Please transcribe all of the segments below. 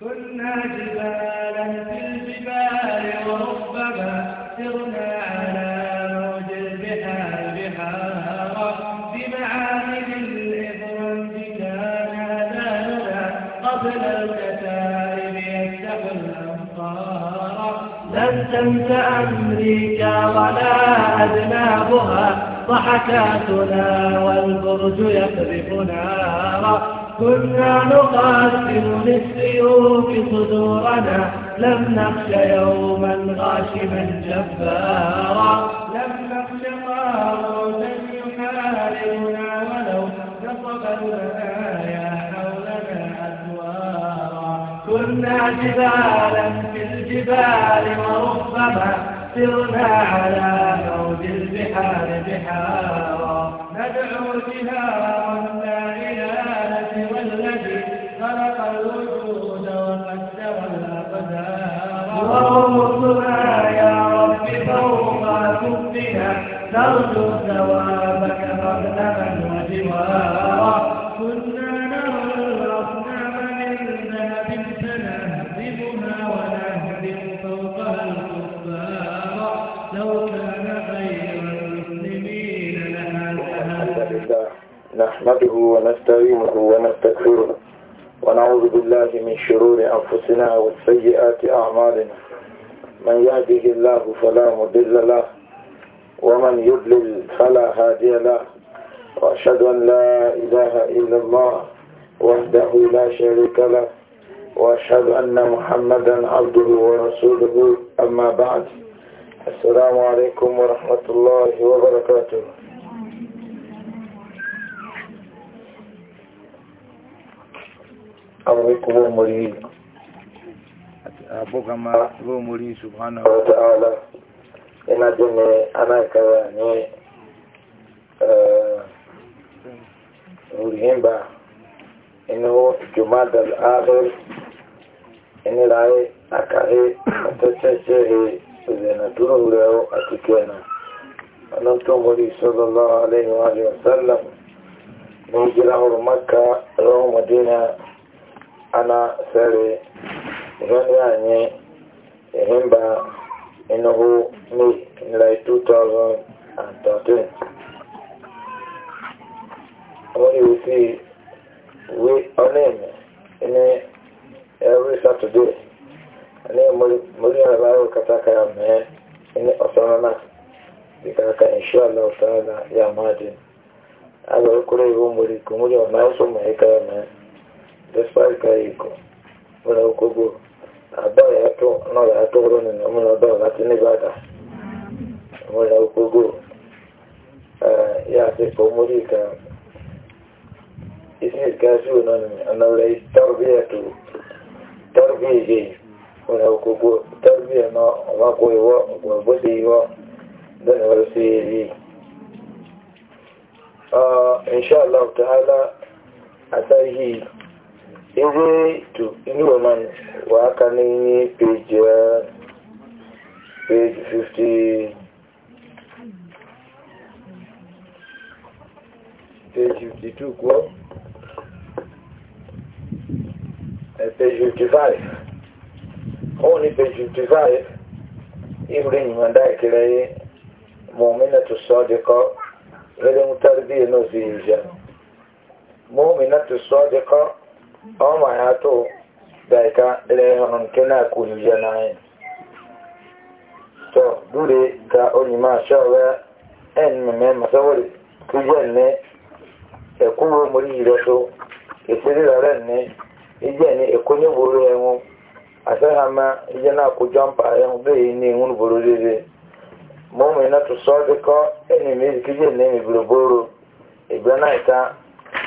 كنا جبالا في الجبال وربما سرنا على موج البحار بحارا بمعاهد الإثم كان هدانا قبل الكتائب يفتح الأمطار لن تنس أمريكا ولا أذنابها ضحكاتنا والبرج يقذف نارا كنا نقاسم للسيوف صدورنا لم نخش يوما غاشما جبارا لم نخش طاغوتا يحاربنا ولو نصب المنايا حولنا أدوارا كنا جبالا في الجبال وربما سرنا على موج البحار بحارا ندعو جهارا وغوصنا يا رب فوق كفنا نرجو ثوابك مغنما وجوارا كنا نرى الأصنام من ذهب سنهزمها ونهزم فوقها الكفار لو كان خير المسلمين لهزمها نحمده ونستعينه ونستعينه بالله من شرور أنفسنا والسيئات أعمالنا من يهده الله فلا مضل له ومن يضلل فلا هادي له وأشهد أن لا إله إلا الله وحده لا شريك له وأشهد أن محمدا عبده ورسوله أما بعد السلام عليكم ورحمة الله وبركاته أمركم ومريه أبوك ما هو مريه سبحانه وتعالى إن أدني أنا كواني نوريهم با إنه جمال الآخر إن رأي أكاري أتتشيه إذن أدنه له أتكينا أنتم مريه صلى الله عليه وآله وسلم نجي له مكة له مدينة ana sare rani anyi ihimba inuhu ni nlai 2013 only we see we onem ini every saturday ani mori alawo kata kaya me ini osanana bikaka inshallah ta'ala na madin aga okoro iwu mori kumuri ona iso ma ikaya me despite carrying cost wọn ò kógbó àbá ìyàtọ náà ìyàtọ lónìí ní ọmọ ọdọ láti níbàdà wọn ò kógbó yà àti fòmórì kan ismi ìkásù náà ni ọ̀nàwọ̀lẹ̀ tarbiyya tó tarbiyya yìí wọn ò kógbó tarbiyya náà ọba kó ìwọ ọgbọ bó ṣe ìwọ lónìí wọn ṣe èyí. inshallah ta'ala àtàyè Ewé tu inú ọmọ ni wà á ká ní ní page uh, page fifty page fifty two kọ́ ẹ e, page fifty five wọ́n ní page fifty five ìwúrẹ́ yìí máa dá ìkẹrẹ yé mọ̀mínà tó sọ ọ́ di kọ́ rẹ́lẹ́mú tárí bí ẹ̀ náà sì yìí sọ ọ́ ọ ma ya tụ daika ere ọnụ nke na-akwụrụ ya n'anya tọ dure ka onye ma sha ọwa en mmemme masawar kuje ne ekwuru omori ire so ekpere rara ne ije ne ekonye buru enwu asaha ma ije na-akwụ jọmpa ya bee ne enwu buru rere ma o mere na tụsọ dịkọ enyi m ezikije ne mebiri buru ebe na-eka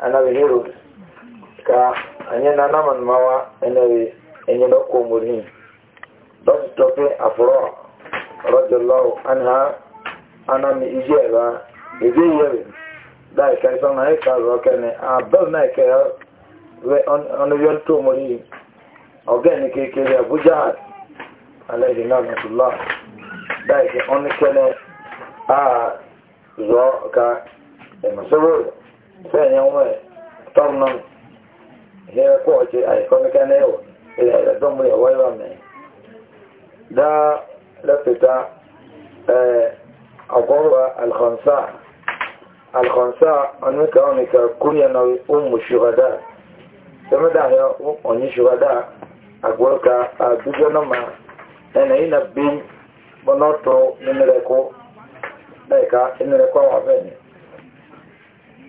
anabi herod ka anyị na naman mawa enewe enye omori dọkị afọrọ rọjọlọwụ anha anami ijiela ebe ihere dai ka isọ na ịka rụọ kene abel na ike ntụ omori ọgan kekere abuja alaihi rahmatullah dai ka a zụọ ka fẹ́ẹ̀yàn wọ́n ẹ̀ tọ́nà ìyẹ́kọ́ ọ̀jẹ́ àìkọ́míkẹ́ náà ilẹ̀ ẹ̀dọ́mú ìyàwó ìwà mẹ́ dá lẹ́pẹ̀ta ọgọ́rọ̀ alkhonsa alkhonsa ọ̀nùkà ọ̀nùkà kúnyẹ̀ náà ọmọ ṣùgbọ́dá sẹ́mẹ́dà yọ ọ̀nyí ṣùgbọ́dá àgbọ̀ọ́ka àdúgbò náà mà ẹ̀nà yìí nà bí mọ́nọ́tò nínú rẹ̀ kó bẹ́ẹ̀ ká nínú rẹ̀ kó àwọn abẹ́ni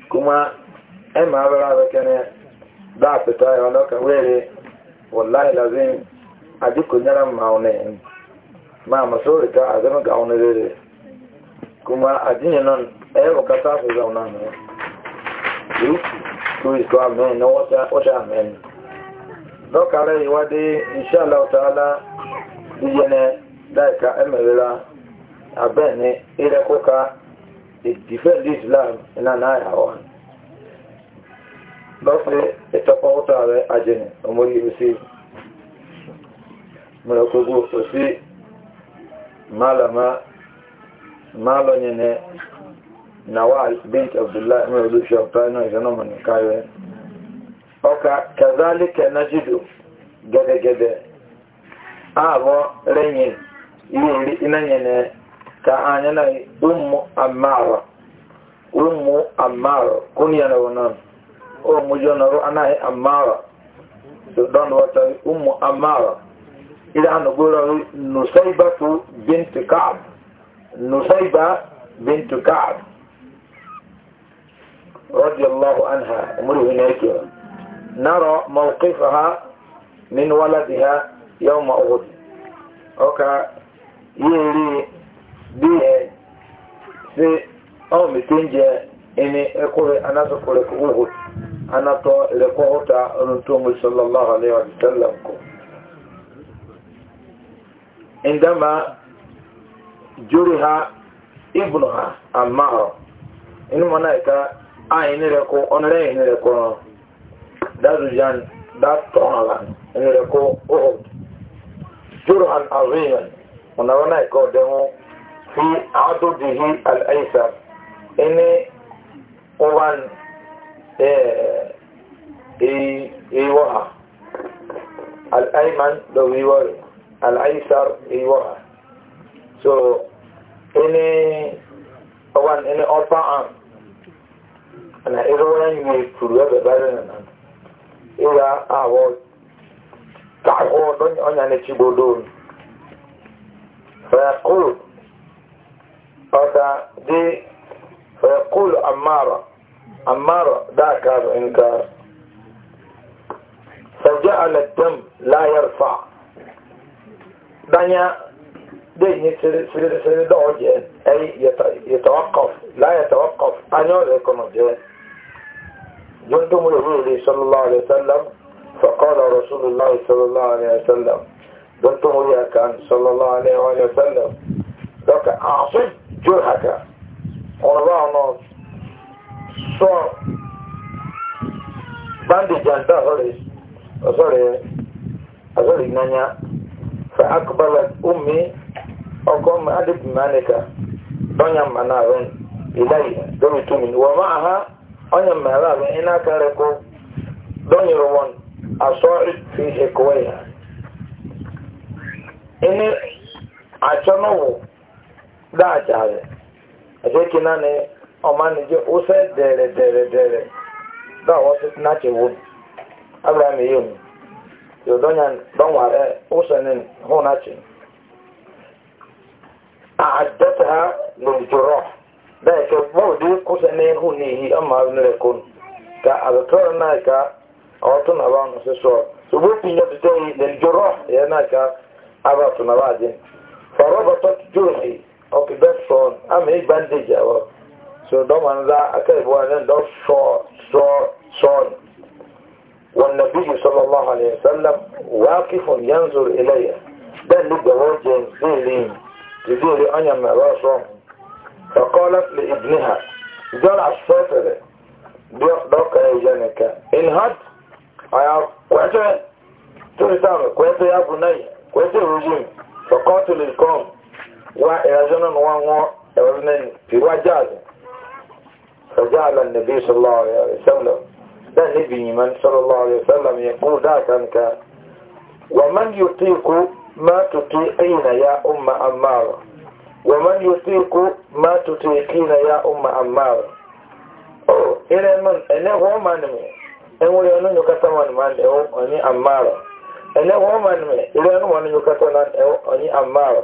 kuma ɗan ma'abara da kene za a fita yawan daukan were wallahi lazim a dukkan yaran ma'aune ma maso rika a zama ga wani rere kuma a jinya nan ɗaya bukata su zauna ne to is to amen na wata amen dọkara iwade inshallah ta'ala ijene daika emerela abẹni they defend Islam in an eye one. Lọ́sẹ̀ ìtọ́pọ̀ ọ̀tọ̀ ààrẹ ajẹ́nì ọmọ yìí sí go to see. Malama, ní Nawal bint Abdullah ẹ̀mẹ́ olóṣù ọ̀pẹ́nà ìrànàmọ̀ ní káyẹ̀. Ọka kẹzálíkẹ̀ nájídò gẹ́gẹ́gẹ́gẹ́ ààbọ̀ rẹ̀yìn ilé ìnáyẹ̀ ka anya na ummu ammara ummu ammara kunya na wannan o ro ummu ammara ila an gora nusaybatu bint ka'b nusayba bint ka'b radiyallahu anha umru hina nara mawqifaha min waladiha yawma uhud oka yiri biye se aw mitin jɛ ini ekore ana to kore ko wuhu ana to le ko hota on to mu sallallahu alaihi wa sallam ko ha juriha ibnuha al-mahra inu malaika a ini re ko on re ini re ko dazu jan da tonala ini في عدده الأيسر إن قرآن إيوها الأيمن لو يوري الأيسر إيوها so إن قرآن إن أربعة أنا إيروان يكتلوا ببارنا إذا أعوض تعقوا دون أنا نتشبه دون فيقول فتا دي فيقول أمارة أمارة ذاك إنكار فجعل الدم لا يرفع دنيا دي سيدوج أي يتوقف لا يتوقف أن يكون جهد جندم الهولي صلى الله عليه وسلم فقال رسول الله صلى الله عليه وسلم جندم كان صلى الله عليه وسلم لك أعصب Jóhádà ọ̀rọ̀ ọ̀nà sọ bandage and dahore ọ̀sọ̀rẹ̀ ọ̀sọ̀rẹ̀ ìnáyà fa akọbala omi ọkọ mi adébù mánìkà mmanụ mmanà rẹ̀ ìdáyì lórí túnmí wọ́n máa ha ọ̀nyà mmanà rẹ̀ iná fi ẹ̀kọ́ Ini àjọ náà daa rẹ̀ àṣekí náà ni ọmọ nìjẹ́ ó sẹ́ dẹ̀rẹ̀ dẹ̀rẹ̀ dẹ̀rẹ̀ a sí náàkì wo abraham yìí mu yóò dọ́nyà dọ́nwà rẹ̀ ó sẹ́ a hún náàkì àdẹ́tà lòdùjọ́rọ̀ bẹ́ẹ̀ kẹ́ bọ́ọ̀dù kó sẹ́ ní hún ní ìhì ọmọ abinú rẹ̀ kọ́nù ka of the best one ama eyi bandage ɛwɔ so dɔma nza aka ebi wa ne dɔ sɔɔ sɔɔ sɔɔ wɔn na bibi sɔlɔ lɔha ne sallam waaki fun yanzur ilayya dan ni gbɛwɔ james zeelin ti zeeli anya mɛrɛ sɔɔ fakɔla fili ibni ha jɔn asɔfɛrɛ dɔ ka ye yanni ka in hat a y'a kwɛtɛ tori sanfɛ kwɛtɛ ya kunayi kwɛtɛ rojim fakɔtuli kɔn. وإذا نوانو من في وجاز فجعل النبي صلى الله عليه وسلم ده نبي من صلى الله عليه وسلم يقول ذاك أنك ومن يطيق ما تطيقين يا أم أمار ومن يطيق ما تطيقين يا أم أمار إلى من أنا هو من أقول أنا نكتم من أني أمار أنا هو من إلى أنا نكتم أني أمار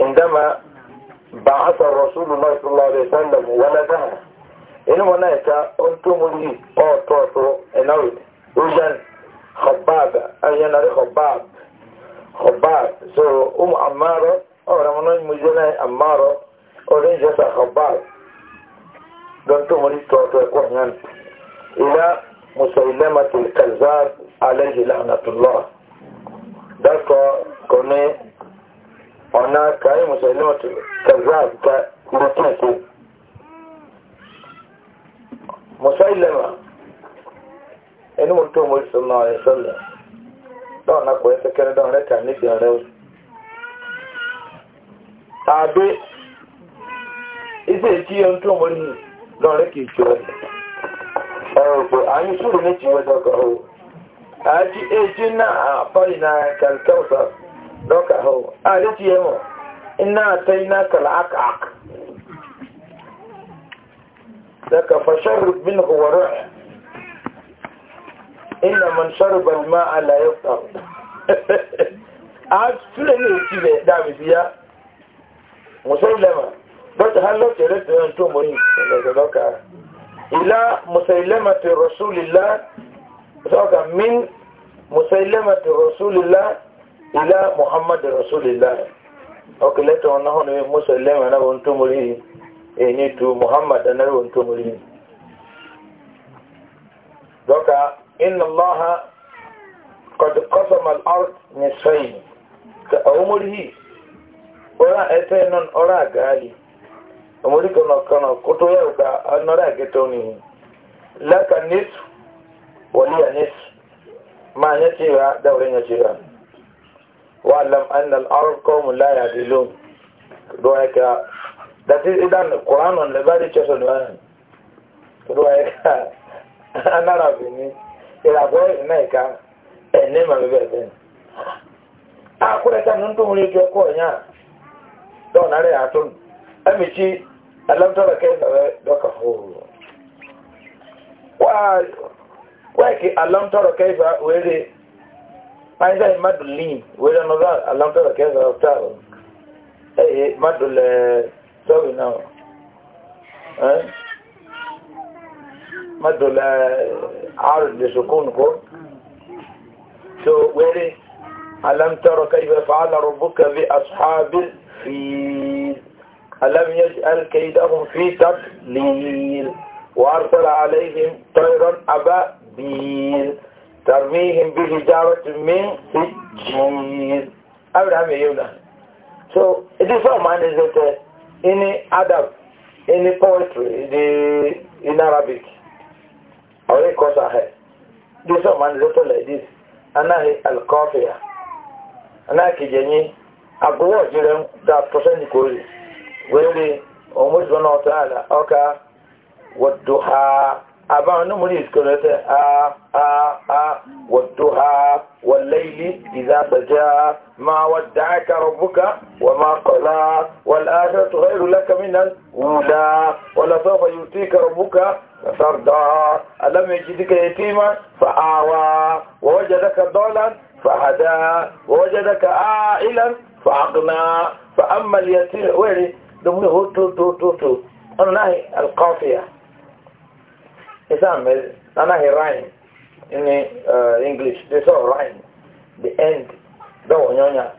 عندما بعث الرسول الله صلى الله عليه وسلم ولدها إنه هناك أنتم لي أو توتو إنوي وجن خباب أنا خباب خباب سو أم عمارة أو رمضان مجنة عمارة أو رنجة خباب أنتم لي توتو كونيان إلى مسيلمة الكذاب عليه لعنة الله ذلك كوني ọ̀nà kàáyìn mùsùlùmí kazab ka rúkìkú musailama ẹni mo tó mọ́lì sọ́nà ọ̀rẹ́ sọ́lẹ̀ náà nàkọ̀ ẹsẹ̀ kẹrẹ náà rẹ̀ kà níbi ọ̀rẹ́ o àbí iṣẹ́ ìtí ẹni tó mọ́lì náà rẹ̀ kì í jọ ẹ̀rọ pé àyín sùúrù méjì wẹ́dọ̀kọ̀ o àti èjì náà àpáyìn náà kàlùkẹ́ ọ̀sán dɔka ahụ a leti yɛ hɔ ina atai na kala aka aka daga fashar bin huwara ina man sharbar ah, ma ala ya faru a tura ne ci bɛ dami biya musailama dɔta har lɔta yɛrɛ tɛ yan to mori daga dɔka ila musailama ta rasulillah dɔka min musailama ta rasulillah ila muhammad rasulillah ọkùnrin tó náà ní musa lẹ́wọ̀n náà wọ́n tó mórí èyí tó muhammad náà wọ́n tó mórí lọ́ka iná lọ́ha kọ̀dù kọ́sọ̀mà art ní sẹ́yìn ka àwọn mórí yìí ọ̀rá ẹ̀tẹ́ náà ọ̀rá àgáàlì ọmọdé kan kan kó tó yẹ ọ̀gá ọ̀nọ́rà ni láka nẹ́tù wọlé ànẹ́tù máa nyẹ́ tìrà dáwọ̀rẹ́ nyẹ́ tìrà. wa'alam anna al qawmun la ya'dilun do haka idan quran on the very church na do haka anara bini ila go na ka ene ma be be a kure ta nun tumuri ke ko nya do na re atun amici alam tara kai do ka horo wa wa ki alam tara kai fa aida madulin wera no da alanta da kesa octavo eh madul sorry now eh madul عارض لسكون كون so where ألم ترى كيف فعل ربك بأصحاب الفيل ألم يجعل كيدهم في تضليل وأرسل عليهم طيرا أبابيل ترميهم بحجارة من سجيل أبراهيم يونا so it is all man is that any in adab in poetry the in Arabic or in Kosa hai this all man is that like this anahi al-kafiya anahi jenyi agbowo jiren da person kori wele omo jona ta'ala oka wadduha أبا نمر يذكرت آ آ آ والدها والليل إذا سجى ما ودعك ربك وما قلى والآخرة غير لك من الأولى ولسوف يؤتيك ربك فترضى ألم يجدك يتيما فآوى ووجدك ضالا فهدى ووجدك عائلا فأغنى فأما اليتيم ويلي دمي هو تو تو تو تو أنا القافية Islam eh, eh, is another rhyme in uh, English. They saw rhyme. The end. Don't nyonya.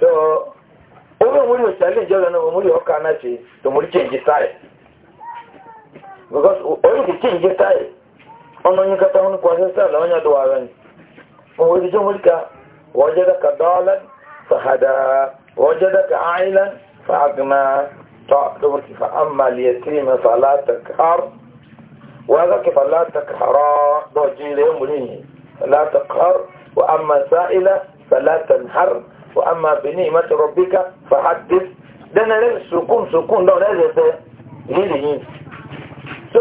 So, over muri usali jolo na muri okana chi to muri change style. Because only the change style. Ono ni kata hunu kwa sasa la onya do awen. Muri jo muri ka wajadaka dalan fahada wajadaka ailan fa'agna طيب فأما اليتيم فلا تكهر وذاك فلا تكهرا دوجين ليوم ليني فلا تقهر وأما سائلة فلا تنهر وأما بنيمة ربك فحدث دنا أنا سكون سكون ده لازم ليه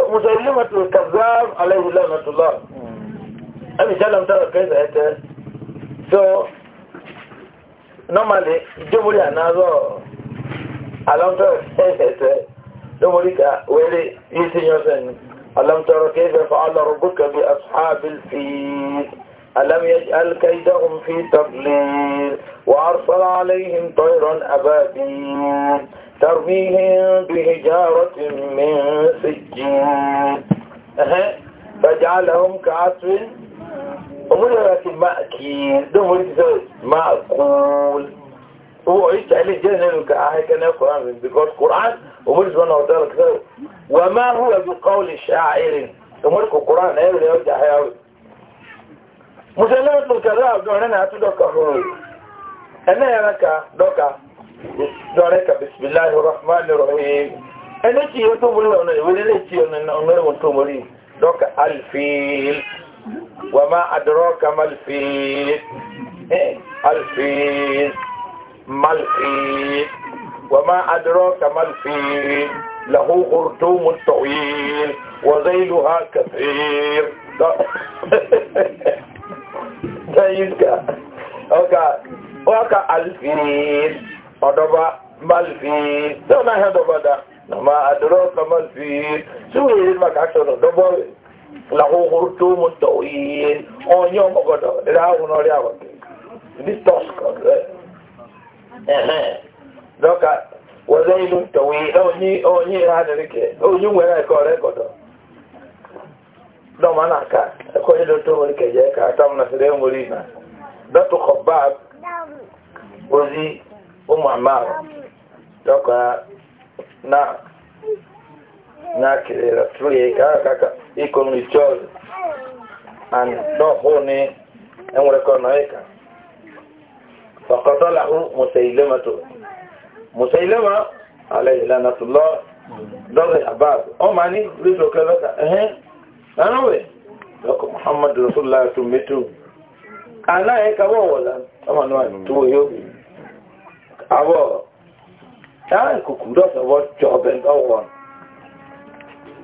مسلمة الكذاب عليه لعنة الله أبي سلم ترى كيف أتى so normally جمهوري أنا ألم ترى كيف فعل ربك بأصحاب الفيل ألم يجعل كيدهم في تضليل وأرسل عليهم طيرا أبابيل ترميهم بحجارة من سجين فجعلهم كعصف أمور لكن مأكيل دمولك مأكول هو ايش عليه جهل كان القرآن because القرآن أمور سبحانه وتعالى كتابه وما هو بقول الشاعر أمورك القرآن أيوه اللي يرجع حياوي مسلمة الكذاب دون أنا أتو دوكا هو أنا يراك دوكا دونك بسم الله الرحمن الرحيم أنا تي يتوب الله أنا ولي شيء أنا أنا وانتم ولي دوكا الفيل وما أدراك ما الفيل الفيل ملحي وما أدراك ملحي له خرطوم طويل وذيلها كثير زيدك أوكا أوكا الفيل أدبا ملفيل دونا هدبا دا ما أدراك ملفيل شو هي ما كاتشون دبا له خرطوم طويل أو نيوم أقول لا أقول لا أقول دي توسك dọka wọlé inú tọ̀wé onye ha adịrịkẹ onye nwere ẹkọ rẹkọdọ dọma na aka ẹkọ onye nwere kẹjẹ ka atam na sịrị enwere ina dọtụ kọbab ozi ụmụ amarụ dọka na na kere tụrụ ka aka and dọhụ ni enwere فقتله مسيلمة مسيلمة عليه لعنة الله ضرع بعض أم عني رسول كذا أهين أنا وين لكم محمد رسول الله سميته أنا هيك أبو ولا أما نوع تو يوبي أبو تعال كوكودا سبوا جابن أوان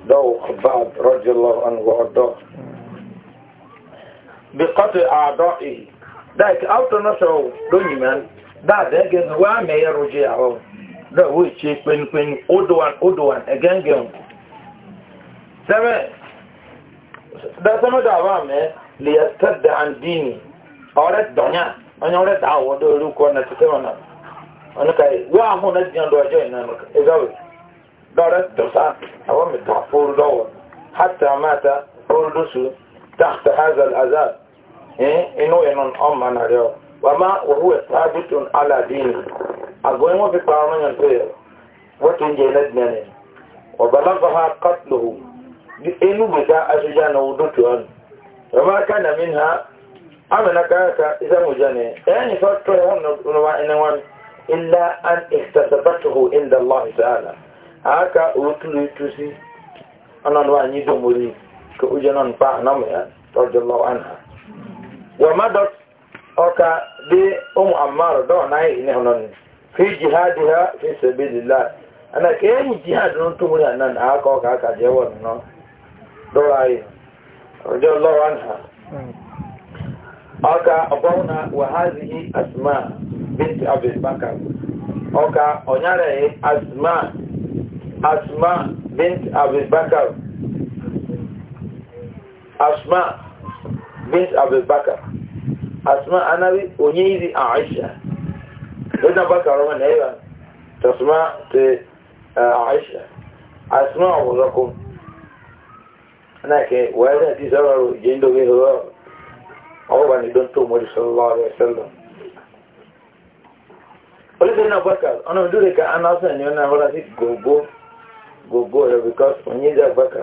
دو خباب رضي الله عنه وأرضاه بقطع أعضائه like after no so don't you man that again wa me roje awo oh, da wo che pen pen odoan odoan again again sebe da sama da wa me li yastad an dini ore donya onyo re da wo do ru ko na tete wana ona kai wa mo na dian do ajo ina no e gawe da re do sa awo me da furu do hatta mata urdusu تحت هذا العذاب inú ẹ̀nàn ọmọ nàrẹ̀ ọ wà má wọ́wú ẹ̀ sábìtún aládìní àgọ́ ẹ̀wọ̀n fi pa ọmọ yẹn pé wọ́n ti ń jẹ ẹlẹ́dìnẹ́ni ọ̀bàlágbàá kátìlòhù inú gbèsè aṣojú àná ọdún tó ọ̀nù ọba ká nà mí nà ámìnà káyàká ìsàmùjá ni ẹ̀yìn fà tó ẹ̀wọ̀n nùwà ẹni wọn ilá an ìtàsàbàtòhù ìndà ومدت أكا دي أم عمار دون أي نهنن في جهادها في سبيل الله أنا كأي جهاد نتمنى أن أكا أكا أكا جوان دور أي رضي الله عنها أكا أبونا وهذه أسماء بنت أبي بكر أكا أنياري أسماء أسماء بنت أبي بكر أسماء بنت أبي بكر asma anabi onye izi aisha wajen baka roma na yawa ta asma ta e, aisha asma a wuzakun na ke wayar da ti sauraro je inda wai zuwa ne don to mori sallallahu alaihi wasallam olùsọ náà baka ọ̀nà òdúrè ka anásán ni ọ̀nà àwọ̀rá sí gogo gogo ya because onye izi abaka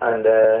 and uh,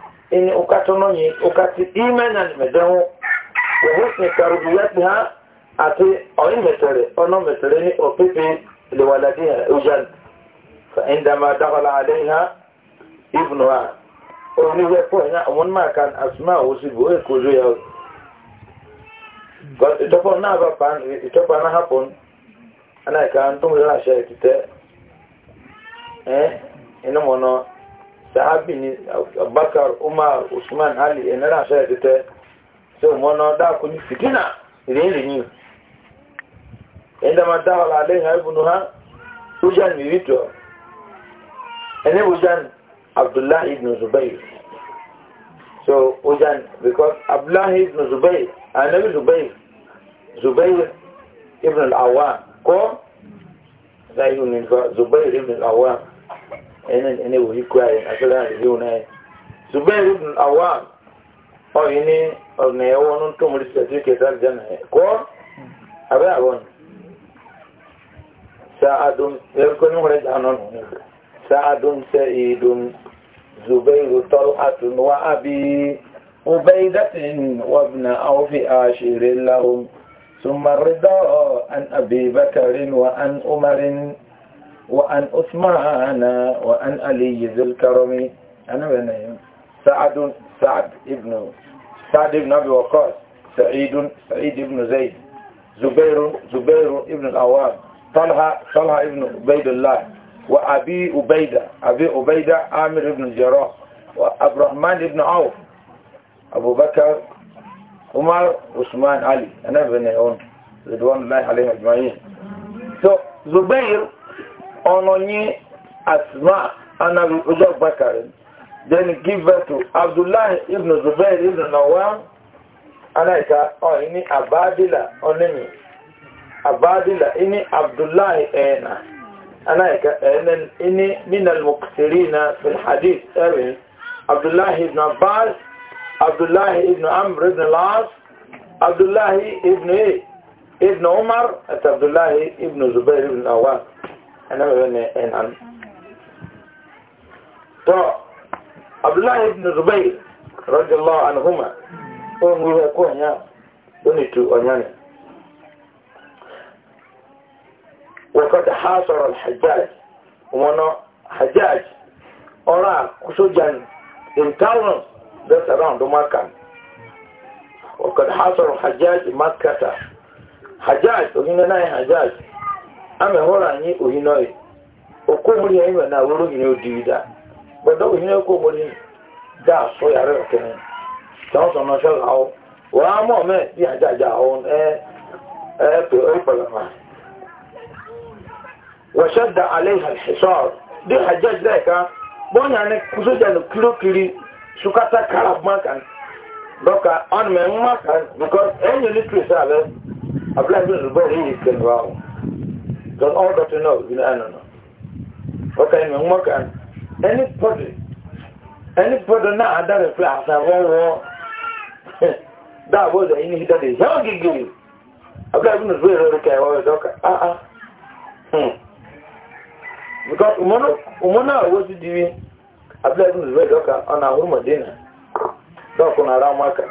ini ukato nonye ukati imena nimezehu uhusni karubiyati ha ati oyin metere ono metere ni opipi liwaladiha ujan fa indama dakhala alayha ibnuha oni we ko nya omun ma kan asma osi bo e ya but ito po na ba pan ito pa na hapon ana ka antum la shay eh ino mono sahabi ni abubakar umar usman ali ẹ̀nẹ́rà ṣe ẹ̀tẹ́tẹ́ tí ó mọ́nà dákò ní fìtínà ìrìnrìn ní ẹ̀ndàmà dáhọ̀lá lẹ́yìn àìbùnú ha ujan mìírìtọ̀ ẹni ujan abdullahi ibn zubair so ujan because abdullahi ibn zubair anabi zubair zubair ibn al'awa ko zai yi zubair ibn al'awa ɛnɛ ɛnɛ wòye kura yɛ asɛlɛ adidi wò n'ayɛ zubair ibn awam ɔyɛ ni ɔna yɛ wɔ no ntomri certificate adi dana yɛ kɔ abɛ awɔ no sa adum yɛrɛ kɔ ne wòle gya nɔ no sa adum sɛ idum zubair tɔl atun wa abi ubaidatin wa bina awfi ashiri lahum ثم الرضا عن أبي بكر وعن أمر وأن أثمان وأن علي ذو الكرم أنا بنيم سعد سعد ابن سعد ابن أبي وقاص سعيد سعيد ابن زيد زبير زبير ابن الأوام طلحة طلحة ابن عبيد الله وأبي عبيدة أبي عبيدة عامر ابن الجراح وعبد الرحمن ابن عوف أبو بكر عمر عثمان علي أنا بنيهم رضوان الله عليهم أجمعين so, زبير ononye asma anabi udo bakari then give birth to abdullahi ibn zubair ibn Nawa, anaika oh ini abadila onemi abadila ini abdullahi ena anaika enen ini min al na fil hadith erin abdullahi ibn abbas abdullahi ibn amr ibn al abdullahi ibn ibn umar at abdullahi ibn zubair ibn n'awa. ana wɛrɛ na ɛnan tɔ abdullahi ibn zubair radiyallahu anhuma o n wuli ko ɔnya o ni tu ɔnya ni wakad hasara alhajjaj wɔnɔ hajjaj ɔra kusojan in thousands that surround maka wakad hasara alhajjaj makata hajjaj o ni hajjaj. amehụrụ anyị ohinọị okomori na awụrụ gị odida bedo bọdọ ohinọ da asụ yara ọkene tọọsọ n'ọsọ ahụ wọ́n á mọ̀ mẹ́ bí àjàjà ọ̀hún ẹ ẹ pè ó pẹ̀lọ́mà wọ́n ṣẹ́dá alẹ́ ìṣọ́ dé àjàjà ẹ̀ka bọ́nyà ni sójà ní sukata karabuma kan dọ́ka ọ̀nà mẹ́ ń má kan because ẹ̀yìn e ní Don't all that know, you know, I no know. Okay, man, what can anybody, now that is class, I won't That was the initiative that is young again. I've got to be really careful. Okay, uh-uh. Hmm. Because umona, umona was the TV. I've got to be very okay on our home dinner. Don't go around my car.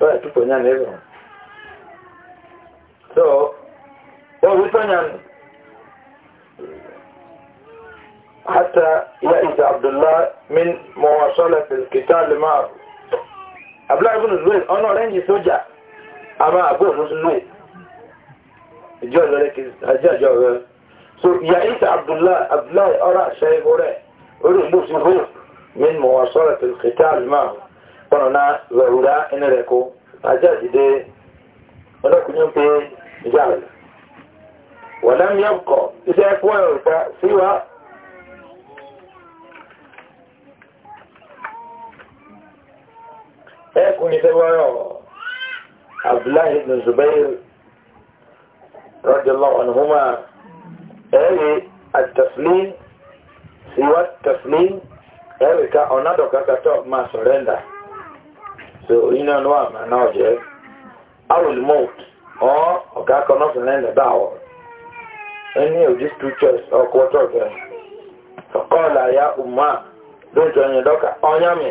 Don't to put everyone So, what we're حتى يئس عبد الله من مواصلة القتال معه عبد الله بن الزبير أنا رنجي سوجا أما أقول نسلوه الجوز لك الجوز so يئس عبد الله عبد الله أرى شيء غري أرى مسلوه من مواصلة القتال معه فأنا ظهورا إن لكو أجاز دي ولكن يمكن جعل ولم يبقى إذا أكوى سوى ẹkùn ìtẹ́wọ́rọ̀ abdullahi ibn zubair radiyallahu anhuma ẹ̀rẹ̀ àtẹ̀fìlín síwá tẹ̀fìlín ẹ̀rẹ̀ ká ọ̀nàdọ̀ká kàtọ́ ma sọ̀rẹ́ndà so iná ní wà máa náà jẹ́ arulmout ọ̀ ọ̀gá kan náà sọ̀rẹ́ndà dáwọ̀ ẹni òjì two ọkọ̀ ọ̀tọ̀ ọ̀gá fọ̀kọ́ ọ̀là ya umar lóòjọ́ yẹn dọ́kà ọ̀nyàmì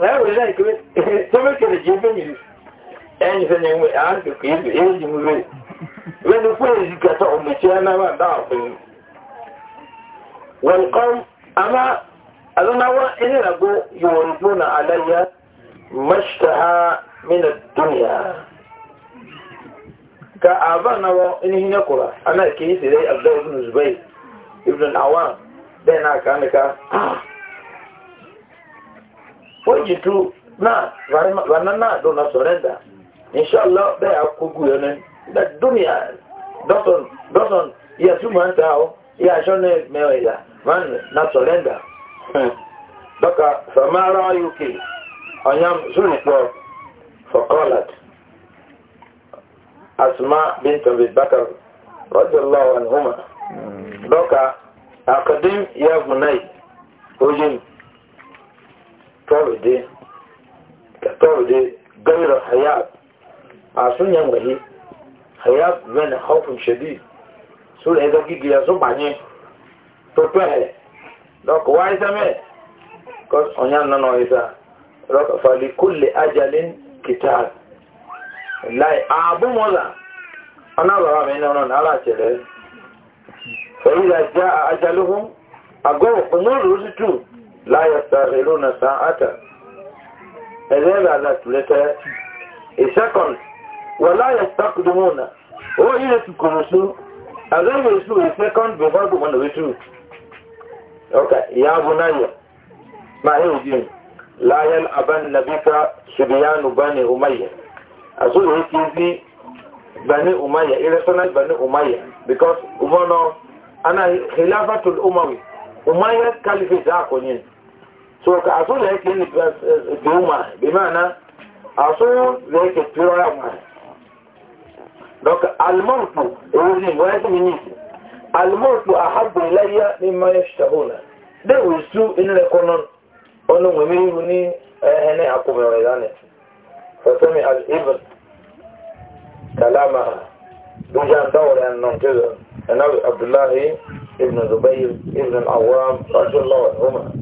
láìwòlá ìgbé tọ́mẹ́kẹ̀lẹ̀ jẹ́ bẹ́yìn ẹni fẹ́ ni wọ́n àádùkú ìlú èyí mú rẹ̀ wẹ́nu fún èyí kẹta ọmọdé anáwà dáàfin wọ́n kọ́ àmá alánáwà ìrìnàgbó yòòrùbó na aláyá mọ́ṣtàá mínà dúnìyà ka àbá náwà ìníhìn kura ana kìí sílẹ̀ abdul ibn zubair ibn awan bẹ́ẹ̀ náà kánìká ah ojitu na wannan na do na surrender insha Allah da ya kugu yana da duniya doton doton ya su man ta o ya shone mewa ya man na surrender hmm. doka samara yuki anyam sunu ko faqalat asma bint abi bakr radiyallahu anhuma hmm. doka akadim ya bunay ojin tawide ka tawide hayat a yan wahi hayat men haufin shadi su da ya gigi ya banye to pehe dok wa isa me onyan nana isa roka fali kulle ajalin kitab lai abu mola ana ba mai nan na ala chere fa iza jaa ajaluhum ago onyo rusu láyé sàrèrò na sàn áta ẹ̀rẹ́ ìlànà tìlẹ́tẹ́ ìṣẹ́kọ̀n wọ láyé sàkùdùmọ́ na ó yíre tù kòrò sú àrẹ́yẹ sú ìṣẹ́kọ̀n bẹ̀fọ́ gbọmọ nà wẹ́tù ọkà ìyá abú náyẹ máa yẹ òjì láyé abán nàbíkà ṣùgbìyànù bani umayya àsúrò ó ti fi bani umayya irẹ́sọ́nà bani umayya because umar náà ana hilafatul umawi umayya caliphate dáàkọ̀ yẹn so ka aso da yake yi doma bi ma'ana aso da yake tura ma daga almortu wurin wani minisi almortu a habbo ilayya ni ma ya shi tahona da wusu in rekonon wani wamiri wuni ẹni akọmọ ìlànà fẹsẹmi al'ibin kalama dujan daura nan jizo ẹnabi abdullahi ibn zubair ibn al'awam rasulullah wa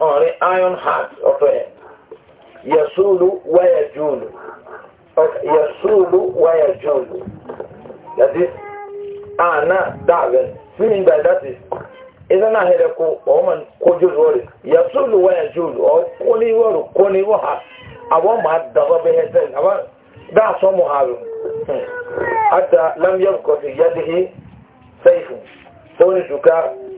ọ̀rẹ́ iron heart yasulu waya julu yasulu waya julu that is ana that is na ko ko julu yasulu waya julu ha ma daba mu hmm. lam yadihi duka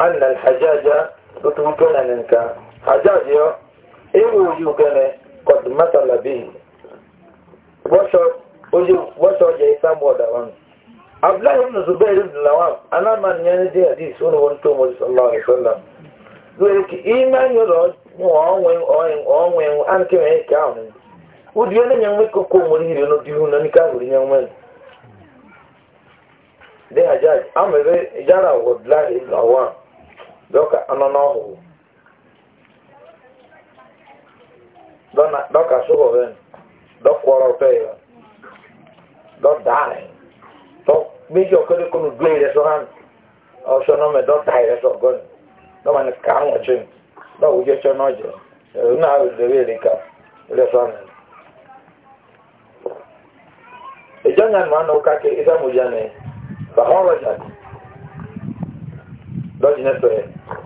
أن الحجاج تتوكل منك حجاج يو إيو يوكل قد مثل به Abdullahi ibn Zubair ibn wọn tó Abdullahi ibn dọka ọnọ n'ọhụụ dọka sọgọven dọkwọrọ ọtọ ya tọ méjì ọkọlẹ gbé yẹrẹ sọ hàn ọsọ nọmẹ dọta yẹrẹ sọ gọnì dọmọ ní kàánwó tún dọwọ ojú ẹtsọ náà jẹ ẹrú náà lórí èrè ká lórí ẹsọ hàn. ìjọ yẹn mọ àná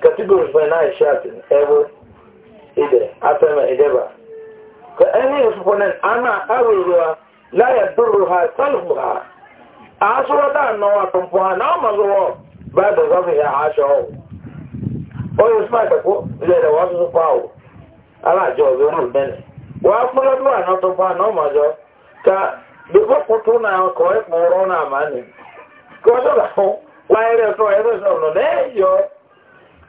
categories e, wey na shouting ebo ide afema ideba ka ene fukonen ana awiwa la yadurruha salbuha asura da no atompo na mazo ba da zafi ya asho o yo sma ka ko le da wasu pawo ala no bene wa fulo ka na ko na wa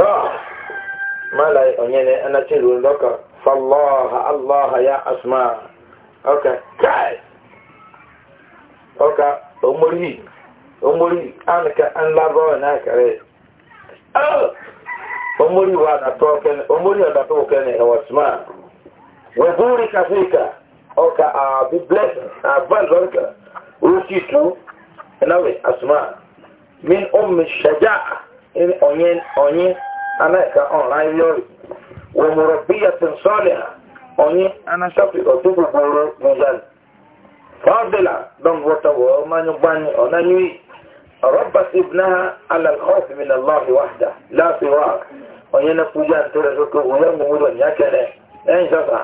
to malai onyene ya asma oka kai oka omori omori anka anlabo na kare omori oh! wa na token omori da token e wasma wa burika oka a a tu nawe asma min ummi in onyen onyen amẹ́ẹ̀ka ọ̀rọ̀ ayọ́rì wọ́n mọ̀rọ̀ bí ẹ̀sìn sọ́ọ̀lẹ̀ ọ̀yìn anáṣọ́fì ọ̀tún gbogbo nìyàlì fọ́ọ̀dìlà dọ́nbọ̀tọ̀ wọ̀ ọmọ anyúgbani ọ̀nà níwì ربت ابنها على الخوف من الله وحده لا سواك وين فوجان ترزق وين ولن يكله ان شفع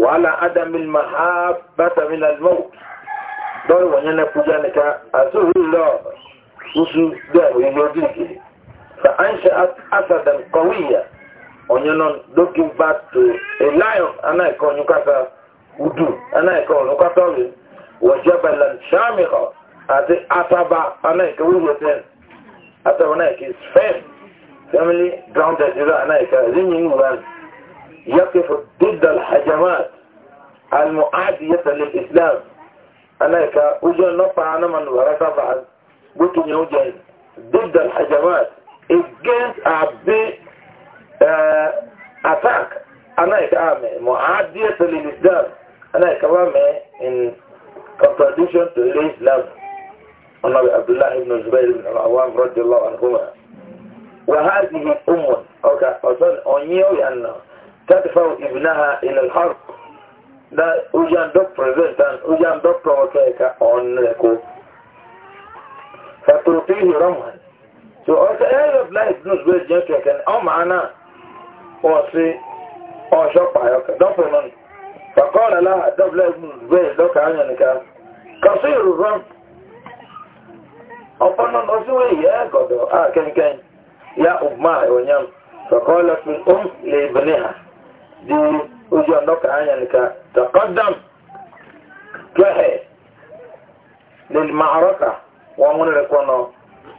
وعلى عدم المحبة من الموت دور وين فوجان كأسوه الله وسو ده ويجيك فأنشأت أسدا قوية ونينون looking back to a lion أنايكا ونكاتا ودو أنايكا ونكاتا ودو وجبلا شامخا أتي أتابا يكون ويوتين أتابا أنا أنايكا is firm family grounded إذا أنايكا ذيني يوان يقف ضد الحجمات المعادية للإسلام أنايكا وجل نفع أنا من ورثة بعد قلت ضد الحجمات against our big uh, attack anaika ame muadia to islam anaika ame in contradiction to islam النبي عبد الله بن الزبير بن العوام رضي الله وهذه أم أوكا أصلا أنيو أن تدفع ابنها إلى الحرب da ujan dok presentan ujan dok provoke ka on ko fatrutihi so ọsọ area of life wey jẹ kẹkẹ ọmọ àná ọsẹ ọsọ pààyọkẹ dọpọ náà fakọọlẹ la adabu life nose wey dọkà ányà nìka kàṣọ ìrùrọ ọpọ náà ọsẹ wey yẹ gọdọ a kẹnkẹn ya ọgbọn àìwọnyam fakọọlẹ fi ọm lè bìnnì ha di ojú ọdọkà ányà nìka takọdam twẹhẹ lè màárọkà wọn múlẹ kọ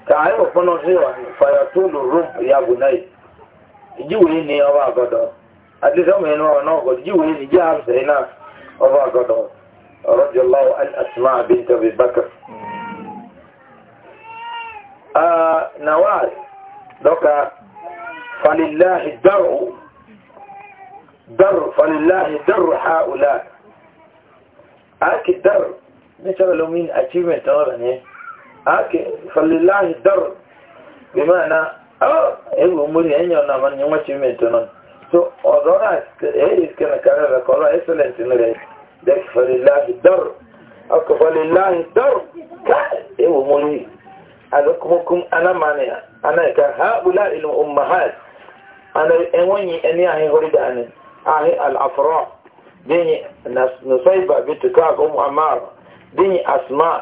tààyè òpónà sí wà ní fàyà tó lò rúm ìyàgò náà ìjíwò yìí ní ọba àgọ́dọ̀ àdísọ́mù inú ọ̀rọ̀ náà kọ̀ ìjíwò yìí ní jẹ́ àmsẹ̀ iná ọba àgọ́dọ̀ ọ̀rọ̀ jọ lọ́wọ́ asìmá àbíntẹ̀ bí bákà. nawal dọ́ka faliláhi dárò dárò faliláhi dárò ha ùlá àkì ní sábà lómi achievement ọ̀rọ̀ yẹn ake falilahi dar bi mana oh ewu ọ enyo na man nyuma chimeto non so odora e iskena kare da kola excellent nure de falilahi dar aka falilahi dar ewu muri aga kuma kum ana mane ana ka haula il ummahat ana enwanyi eni ahi horida ani ahi al afra dini nusaiba bitu ka ko muammar dini asma'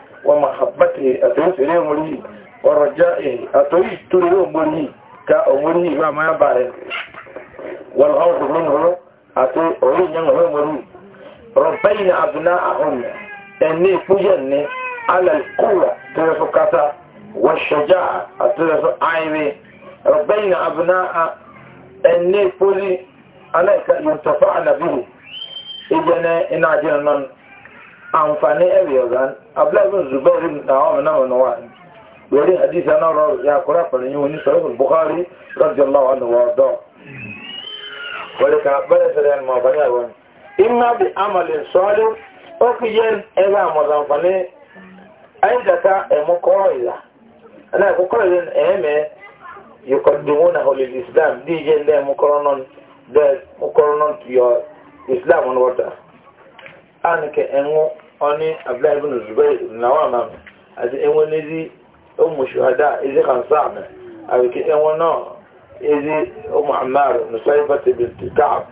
ومحبته أتوس إليه مريه ورجائه أتوس تريه مريه كأمره وما يبارك والغوث منه أتو أريه مريه ربين أبناءهم أني فجن على القوة ترسو كتا والشجاعة ترسو عيبي ربين أبناء أني فجن عليك ينتفعن به إذن إن أجلنا amfani ẹ̀rì ọ̀gá abúláìbùn zubairu àwọn ọmọ náà wọn wà lórí àdìsá ya kúrẹ́ pẹ̀lú yín wọn buhari rọ́jò lọ́wọ́ ni wọ́n dọ́ wọ́n ká bẹ́rẹ̀ sẹ́rẹ̀ ẹni mọ̀ ọ̀bá yà wọ́n. iná bí amọ̀lẹ̀ sọ́ọ́lù ó kì yẹ ẹ̀rọ àmọ̀lẹ̀ àǹfààní ayédàká ẹ̀mú kọ́rọ̀ ìlà ila ìkókọ́rọ̀ yẹn ẹ̀ẹ́mẹ̀ na islam díje ndẹ́ ẹ̀mú kọ́rọ̀ yọ islam wọn anke enwo oni abdullahi ibn zubair ibn nawama ati enwo nezi ummu shuhada izi khansama awiki enwo no izi ummu ammar nusaifat bint ka'b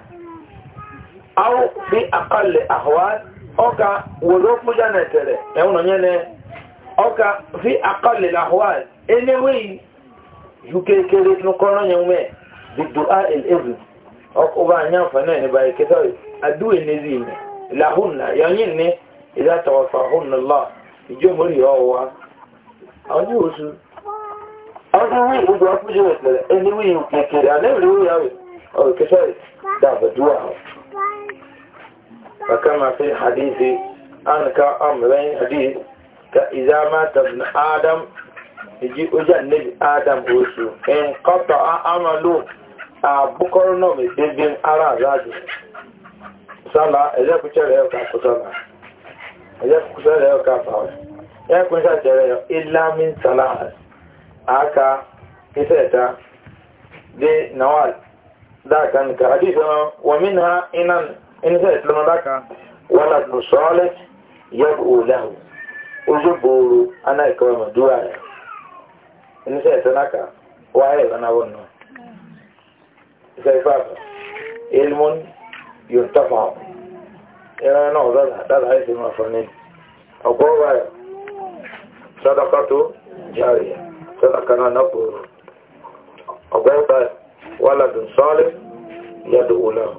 aw bi aqall ahwal oka wodo kuja na tere enwo nyene oka fi aqall ahwal anyway yukekere nukono nyume bidu'a al-ibn okuba nyamfa nene baye kitawe aduwe nezine lahunna yanyin ne idan tawafahunna Allah ijo mori yawa àwọn yóò su àwọn wí ìlú fi hadithi hadith ka adam iji adam in amalu a ara zazu sana ẹ̀yẹ́ kúchẹ́rẹ̀ ẹ̀ ọ̀ká kúsọ́nà ẹ̀yẹ́ kúchẹ́rẹ̀ ẹ̀ ọ̀ká fàwẹ̀ ẹ̀ kúnṣà jẹ́rẹ̀ ẹ̀ ìlàmí sana aka iṣẹ́ ẹ̀ta dé nawal dáka nìka àdìsọ́ wọ̀mí na iná iṣẹ́ ìtìlọ́nà dáka wọ́n láti lọ sọ́ọ́lẹ̀ yẹ́bù òláhù ojú gbòòrò aná ìkọ́ ọmọdúwà rẹ̀ iṣẹ́ ẹ̀tọ́ náka wáyé ìrànlọ́wọ́ náà iṣẹ́ ìfàfà ilmùn يرتفع إلى نوع ذات حيث المفرنين أقوى صدقة جارية صدقة نبور أقوى ولد صالح يدعو له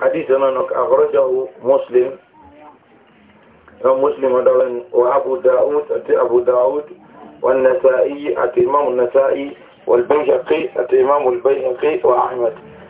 حديثنا أنك أخرجه مسلم مسلم وأبو داود أبو داود والنسائي أتي إمام النسائي والبيهقي أتي إمام البيهقي وأحمد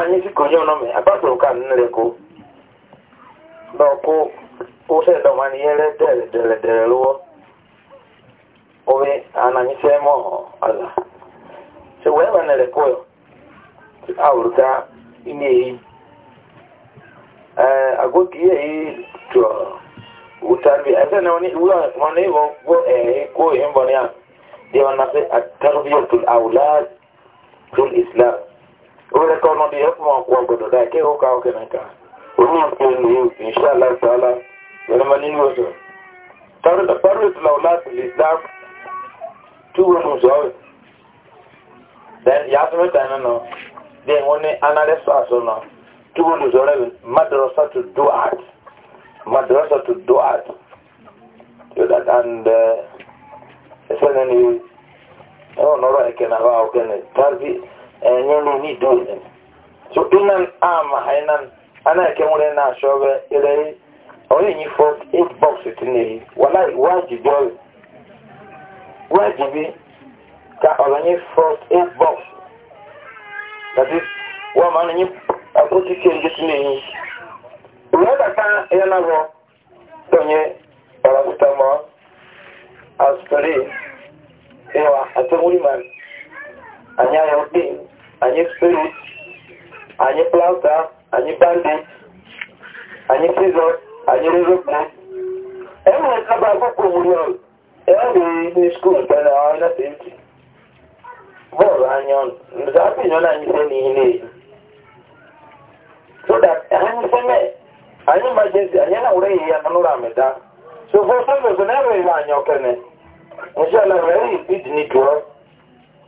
anyị ah, sikọnye ọnọme agbapụrụ ka nnere ko n'ọkụ ụsọ ịdọma na ihe dere dere dere lụọ obe ananyị sị mọ ala sị wee banere ko awụrụ ka ị na-eyi agogo ihe eyi tụọ wutarbi ẹsẹ náà ní ìwúrọ wọn ní ìwọ gbọ ẹyìn kó ìhìn ní à di wọn náà fẹ àtàrúbíyà tó àwùlá islam wọ́n kọ́ ọ̀nà bíi ẹ̀fọ́ ọ̀pọ̀ ọ̀gbọ̀dọ̀ dá kí ó ká ọ̀kẹ́ náà ká oní ìpè ní òfin iṣẹ́ aláìsàálà lọ́lọ́mọ nínú ọ̀sọ̀ parí ìtura láti lè dá two rooms ọ̀wẹ̀ then ìyá tó mẹ́ta iná nà then wọ́n ní analyst àṣọ nà two rooms ọ̀rẹ́ mi madrasa to do art madrasa to do art so that and ẹsẹ̀ nínú ẹ̀wọ̀n ọ̀rọ̀ ẹ̀kẹ́ náà wà ọ̀kẹ́ náà ɛnyɛ lo ni so inan ama inan ana ke na shobe ile onye enyi fọt eight box ti ne wala wajibi wajibi ka oye fo eight box that is wa man ni apoti ke ngi ti ne wala ka yana ro aspirin anya ya anyị spirit anyị plasta anyị bandit anyị scissor anyị rezokpo enwere kaba akwụkwọ omuriọl enwere ndị skuul pere ahụ na tenti bọọlụ anya ọnụ ndị apị nọ na anyị fe n'ihe na-eyi so that anyị feme anyị emergency anyị na-awụrụ ehi ya n'ụlọ amịda so for some reason enwere anyị okene inshallah very easy to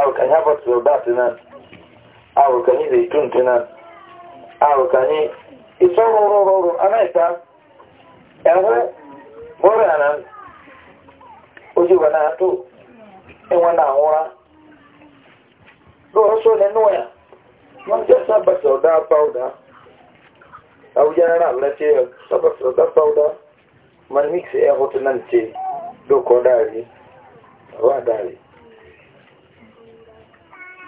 awụkanyị a ọbat na awụkanyị zaitun tena awụkanyị ịsọ rụrụ rụrụ anaghịta ẹ̀họ́ bọ́ọ̀rẹ̀ àná ojú wà náà tó ẹ̀wọ̀n náà wọ́ra lóòrọ́ sọ nínú ẹ̀ wọ́n jẹ́ sábàtì ọ̀dá pàwùdá àwùjá náà lẹ́tẹ̀ ẹ̀ sábàtì ọ̀dá pàwùdá man mix ẹ̀họ́ tó náà ti lókọ̀ dáàrí ọ̀wá dáàrí.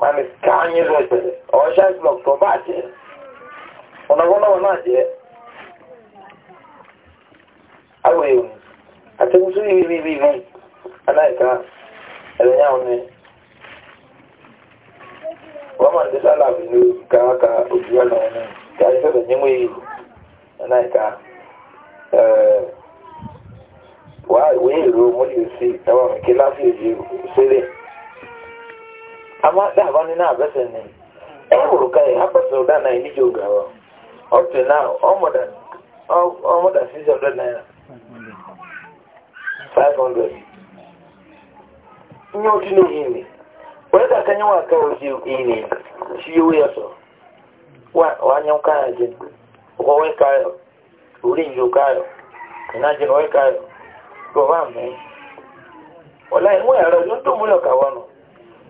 mami kanyi bɛ tɛlɛ ɔ sɛs blɔk tɔ b'a jɛ ɔnɔgɔnɔ wɔ n'a jɛ awo ye a tɛ muso yi bi bi bi ala yi ka ɛlɛ nyɛ wɔn nɛ wɔma de sa laabi ni ka ka o juya lɔn nɛ ka yi fɛn fɛn nyɛ mo yi ala wa wo ro mo yi o si ɛwɔ mi kila fi o si amma e e, da na ni na abesin ne e wuru kai hapa so da na ni joga wa up to now almost almost 600 naira 500 ndị tinu hini wanda kanya wa ka oji ini si yo ya so wa wa nyo ka je ko we ka uri nyo ka na je we ka ko ba me wala en wa ro yo to mu lo ka wono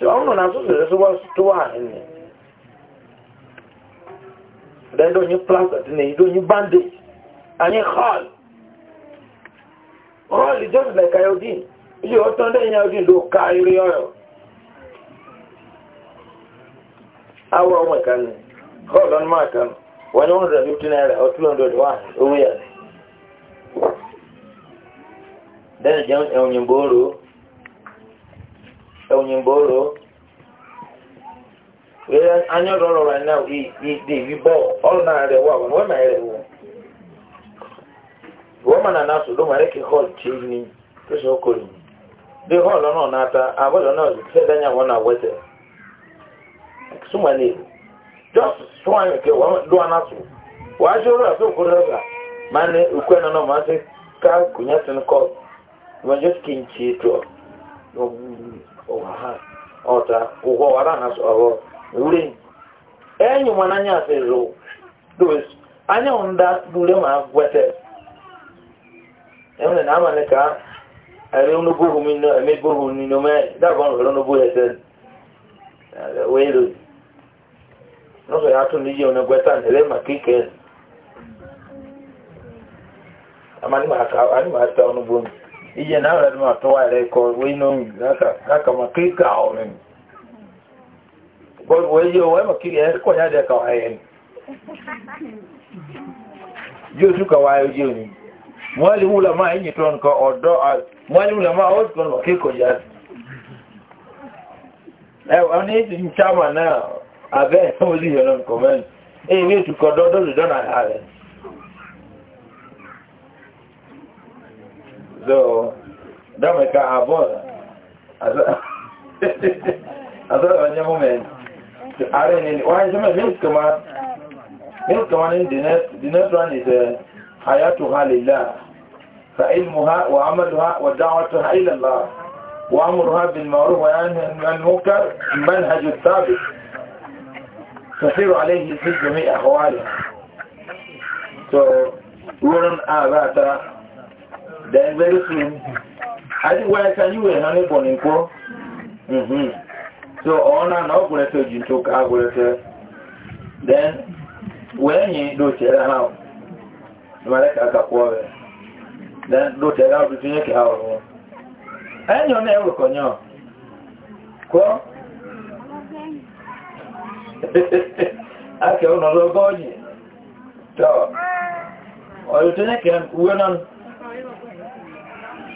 So I don't know, so this was Then don't you plaster, then you bandage. And you haul. Oh, is just like iodine. You are iodine, do carry oil. I want my can. Hold on, my can. 150 naira or 201 over here. Then it's young and you borrow. onyimboro wee anya ọrụ right now dị bọ ọrụ na arewa wọn na arewa wọn ma na nasu do mara hall change ni pesa okori de hall ọ na ata abọdọ náà ṣe danya wọn na wẹsẹ sumani just swan ke wọn do anasu wọn aṣọ ọrụ àti okoro ọgbà máa ní ukú ẹ̀ nínú màá ṣe ká kùnyẹ́sìn kọ́ just kì ṣe ọta ụgwọ wara na sọrọ wuri enyi mwana anya sịrị dos anya nda dure ma gwete enwere na amane ka ẹrẹ onugbo omi nọ ẹmẹ gbogbo omi nọ mẹ dábọ ọrọ onugbo n'ọsọ ya atụ n'iji ọ̀nà amani ma aka mi. ije na wala duma to wa re ko we no zaka zaka makika o ne ko we yo wa makika ko ya de ka ayen yo su ka wa yo ni mwali ula ma yin ton ko odo mwali ula ma o ko makiko ya eh oni nchama na ave o li yo no comment eh mi tu ko do do do na ale so dama ka abora azara wanya moment are ne why jama means kama means kama ne the next the next one is uh, hayatuha lillah fa ilmuha wa amaluha wa da'watuha ila Allah wa amruha bil ma'ruf wa nahyi anil munkar manhaj thabit تسير عليه في جميع أحواله. So, we don't have that. Then very soon, I think why can you and honey born in poor? Mm-hmm. So on and off when I told you took out Then when you do tell how, no matter how to pour Then do tell her between your cow. And your name will come ọgọ ọjị. Tọ. Ọ yóò tẹ́lẹ̀ kẹ́ wúwẹ́ náà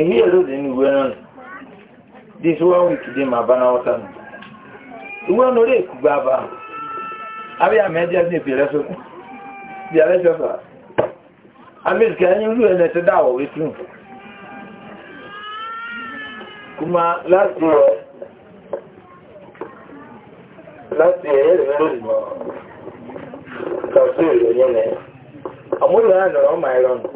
ehi ero dị n'uwe nọ this one week dị ma bana ọta nọ uwe nọ aba abịa ma ebe ebe bịara sọsọ bịara sọsọ amerika anyị ruo na ete kuma last year last year ere ero dị nọ kọsụ ero nye na ya ọmụrụ ya nọrọ ọma nọ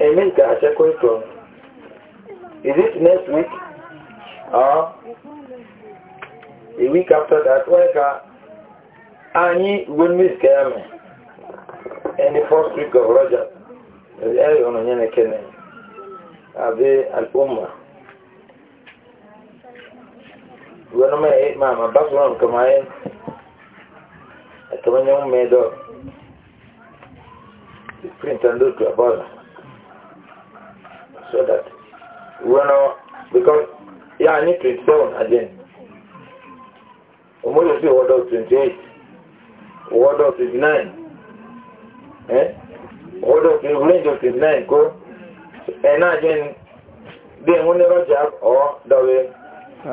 mean, Emeka Achekweto. Is it next week? Or a week after that? Why Weka Anyi will miss Kerame. In the first week of Roger. Ẹ̀rì ọ̀nà yẹn kẹ́lẹ̀ àbí al'umma. Wọ́n mọ̀ ẹ̀ máa ma bá sọ́rọ̀ nǹkan máa yẹn. Ẹ̀tọ́ mẹ́yẹn mẹ́dọ̀. Print and do to a bother so that we know because yeah, I need to down again. Omori si word of twenty eight, word of twenty nine, eh? Word of the range of twenty nine go. And again, then we never jab or the way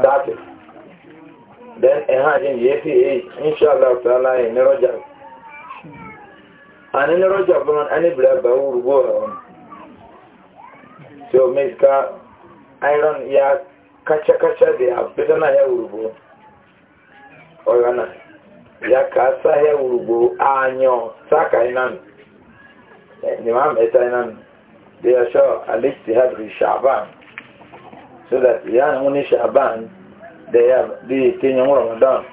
that. Then and again, yes, inshallah, inshallah, never jab. Hmm. And never jab on any black bow go on. so means ka iron ya kacha kacha de apeta na ya urubo ogana ya ka sa ya urubo anyo saka inan ni mam eta inan they are sure at least shaban so that ya ngoni shaban ya have the kenya ramadan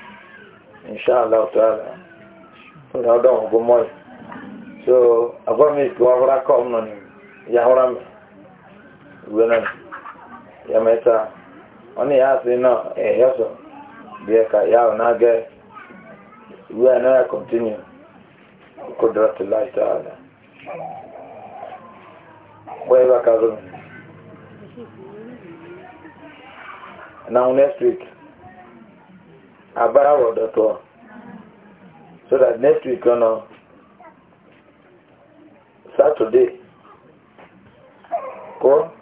inshallah taala so now don't ọgụ more so agwa mi ko agora kom no ni ya hora amị. gwenan ya meta wani ya si no eh yoso bia ka yao nage we no ya continue kudratullahi taala kweva kazumi now next week abara wọ dọtọ so that next week ọ saturday kọ. Cool?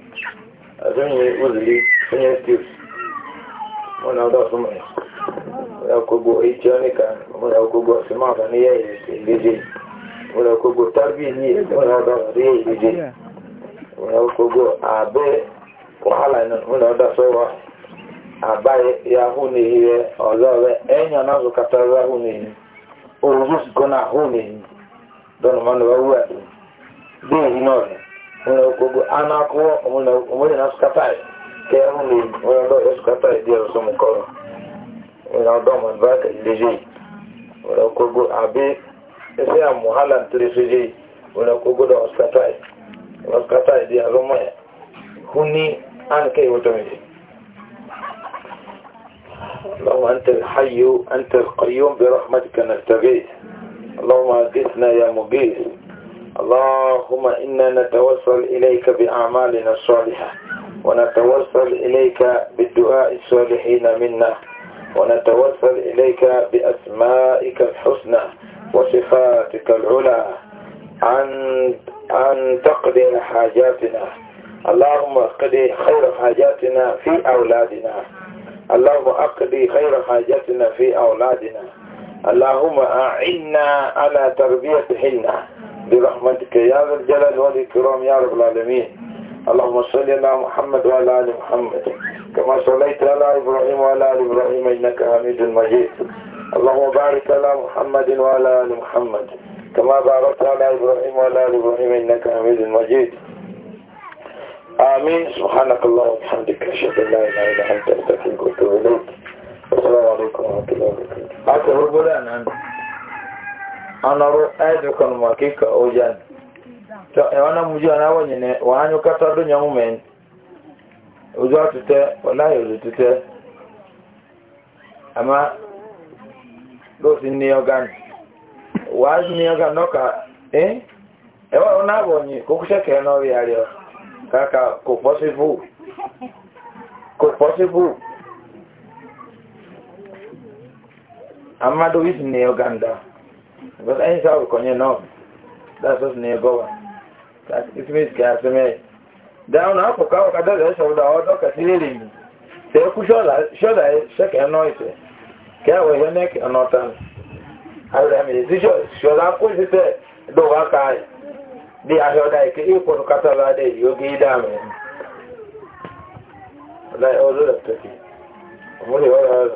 ọzọ nyere ụzụli onye stif mụ na ọdọ ụlọ akwụkwọ echi onye ka ụlọ akwụkwọ ọsịmaba na ihe ụlọ akwụkwọ tabi ni ụlọ ọdọ ọsọ ihe egeje ụlọ akwụkwọ abe wahala na ya na na ehi wọn gbogbo anakọ wọn yẹn asukatai kẹrin lè wọn yẹn lọ asukatai díẹ̀ ọsọ mu kọrọ wọn yẹn ọdọ wọn bá kẹlẹ yìí wọn gbogbo àbí ẹsẹ àmúhálà nítorí ṣe yìí wọn gbogbo lọ asukatai asukatai díẹ̀ ọsọ mọ yẹn hún ní ànkẹ ìwọ tó ń yẹ. اللهم أنت الحي أنت القيوم برحمتك نستغيث اللهم أغثنا يا مغيث اللهم إنا نتوسل إليك بأعمالنا الصالحة ونتوسل إليك بالدعاء الصالحين منا ونتوسل إليك بأسمائك الحسنى وصفاتك العلى أن, أن تقضي حاجاتنا اللهم اقضي خير حاجاتنا في أولادنا اللهم اقضي خير حاجاتنا في أولادنا اللهم أعنا على تربيتهن برحمتك يا ذا الجلال والإكرام يا رب العالمين اللهم صل على محمد وعلى آل محمد كما صليت على إبراهيم وعلى آل إبراهيم إنك حميد مجيد اللهم بارك على محمد وعلى آل محمد كما باركت على إبراهيم وعلى آل إبراهيم إنك حميد مجيد آمين سبحانك الله وبحمدك أشهد أن لا إله إلا أنت أستغفرك وأتوب إليك السلام عليكم ورحمة الله وبركاته anarụ ezekọn maka ịka ojan to ewana muji ana wanyene wa anyu kata do nyamu men ojo atute wala yodo tute ama do sin ni ogan wa ni ogan no ka eh ewa ona wonyi ko kuse ke no ri ari kaka ko possible ko possible amado wis ni oganda because anyị sọ ọkọnye nọ that's what na egowa that it means ka asị a down na akụkọ ahụ ka dọla ịsọ ụda ọdọ kasị rere mi sị ekwu shọda shọka nọ ise ka ewe ihe na-eke ọnọta arịrịa mi ezi shọda akwụ isite dọwa aka anyị dị ahịa ọda ike ịkwụrụ katọla adịghị oge ide amị ọda ọzọ da tọki ọmụrụ ọrịa ọzọ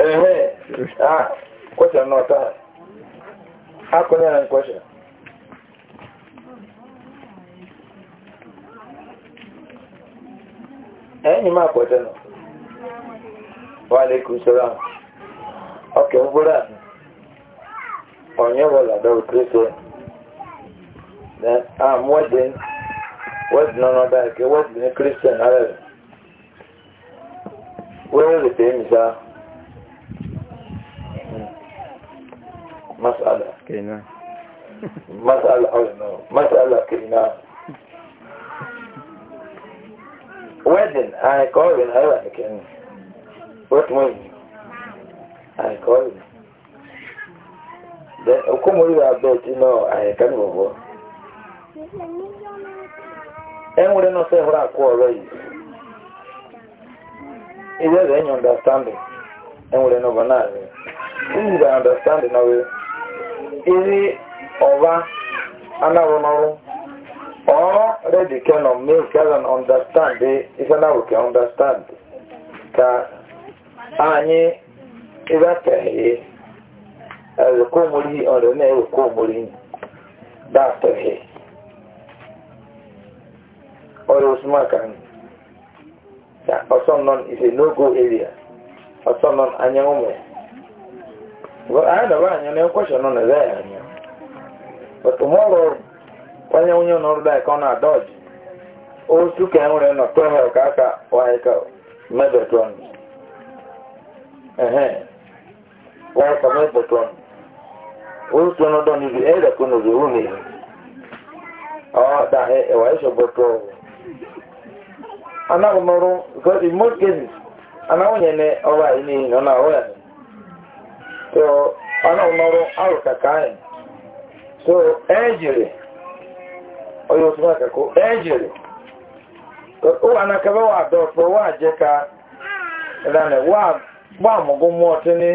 Ehe, ah, question not that. How can I question? Any more question? Wa alaikum salam. Okay, brother. Onye wala da utrese. Then I'm ah, wedding. Wedding on other, wedding Christian, all Where is the same, sir? مسألة كينا مسألة مسألة كينا وين هاي كوين هلا كينا وات مين هاي كوين ده وكم هو يعبد إنه هاي كان هو en wurin na sai hura ko rai ida da yin understanding en wurin na bana ne in da understanding na wurin iri ọba anarụnọrụ ọrụ redi kenom make karen understand ife na wuke understand ka anyị ịba tehe eweko omori ọrụ na eweko omori da tehe ọrụ ọsọ nọ is a no go area ọsọ nọ anya ụmụ ana ba anya na ekwesha nọ na zaya anya but tomorrow onye onye ọrụ da ka ọ na dodge otu ka enwere nọ tọhel ka aka wahị ka mebetron ehe ka otu n'izu ere ka n'ụzọ ume ọ da he na ọwa na ọ na ya so ọnụ ọrụ arụkaka anyị so ejiri onye otu maka ka ejiri ụwa na kaba wa dọkpọ wa je ka rane wa gba mụgụ mmụọ tinye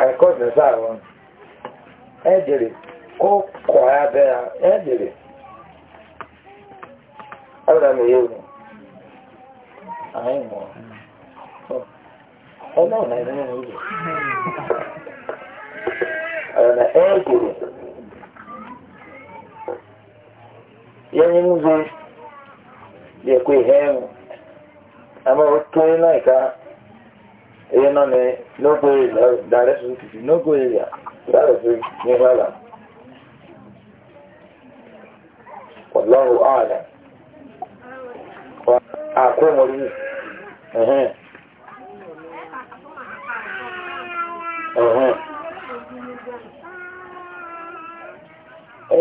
aikọsị sa ahụ ejiri ko kọ ya be ya ejiri ara mi yau anyị mụọ ọlọ́run náà ní ìlú egburu e mzuri ya kwihemu ama otoye na ka eye nọ n'ogo ya n'ogo ya n'ihu ala ala akwụ ehe ehe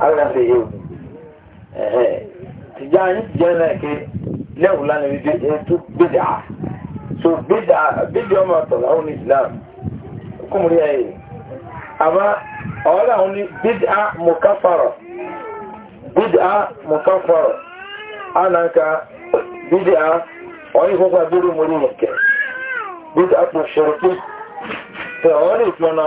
agbẹ́gbẹ́ ṣe yóò tìjà yín tìjà yín náà ké lẹ́wù lánàá yìí dé ètò gbèdà so gbèdà gbèdà ọmọ ọ̀tọ̀lá ọ̀hún ní islam kúmùrí ẹ̀ yìí àmọ́ ọ̀ọ́lá ọ̀hún ní gbèdà mọ̀káfàrọ̀ gbèdà mọ̀káfàrọ̀ ànàkà gbèdà ọ̀yìn fún fún abúrú mọ́rí nìkẹ́ gbèdà kò ṣòro pé tẹ̀ ọ̀ọ́lá ìfúnná.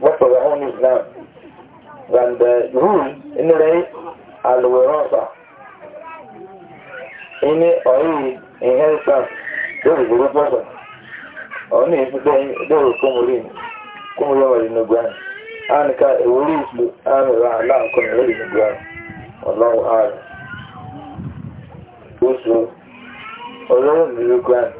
what for your own Islam. And the uh, hmm, rule in the way al ihe in or inheritance there is a person only if ka ewuru will is and Allah come over in the ahụ Allah Allah also Allah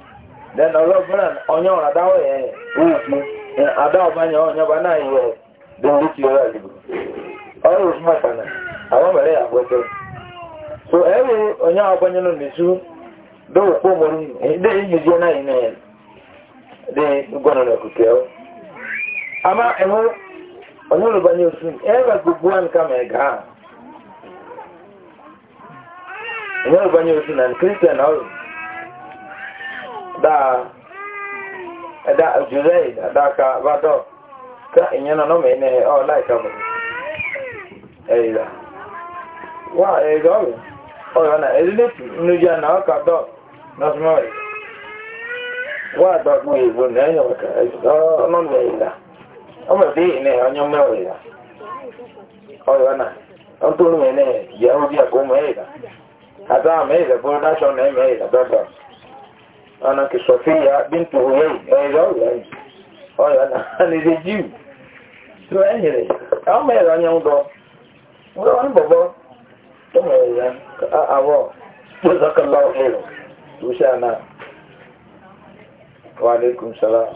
then ọlọ onye ọrụ adawo ya wufu adawo onye ba na ihe dị ndị ti ọrụ ọrụ wufu maka na so ewe onye ahụ banye nọ n'isu mori ndị ihe ji na ihe dị ugwọnọ na ọ ama ewu onye ọrụ banye osu ebe gbogbo an kama ị onye ọrụ osu na ọrụ E da da juzai da ka vado ka inyana e no me ne o like ka eila e wa e go o yana elit nu na ka do smo wa mo ne yo ka no me o me di ne o nyo me o o yana tu me ne ya o dia ko me ata me production ne me ana ke sofiya bintu huyayi ẹyọ huyayi ọyọ na n'ize jiw tí wọn nyere àwọn mẹyẹ lọ nyẹwò dọ wọn wọn bọbọ tó mẹyẹ ya awọ gbèsè kọlá ọhẹrọ wùsẹ àná wa aleykum salaam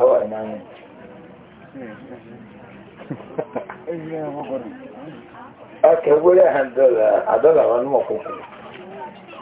awọ ìnáwó. Okay, we're a hundred, a dollar, one more.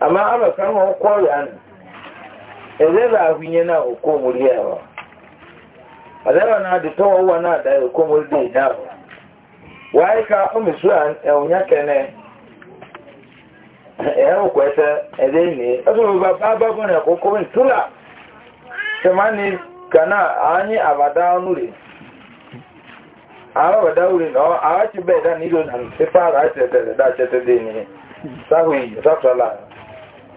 ama abaka ho kɔya no ɛdɛba ahwinyɛ no a ɔkɔmmuri a hɔ ɔdɛba na ade tɔ wɔwa na ada ɔkɔmmuri dị ina hɔ waayɛ ka a ɛwonya kɛnɛ ɛyɛ wɔ kɔɛ sɛ ɛdɛ nie ɛsɛ tula sɛma ne kana aanye abadaa no re awabada na awa ci bɛɛ da ne ido na mpepa ara da akyerɛtɛ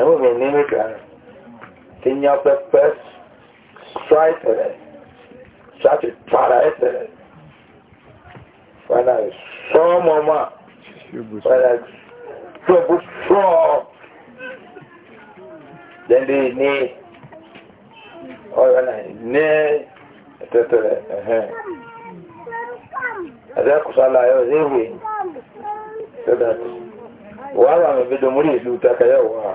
ẹ̀mú mi ní nìkan ti yan pẹpẹ sọ ẹsẹ̀ rẹ̀ sọ àti para ẹsẹ̀ rẹ̀ fana sọ ọmọ ọmọ a fana sọ bó sọ ọ lẹ́lẹ́ ní ọ̀rọ̀ náà ní ẹ̀tẹ̀tẹ̀ rẹ̀ ẹ̀hẹ́n àdẹ́kùsọ́lá yóò léwèé so that wàhálà mi fi domori ìlú takayẹ̀ wà á.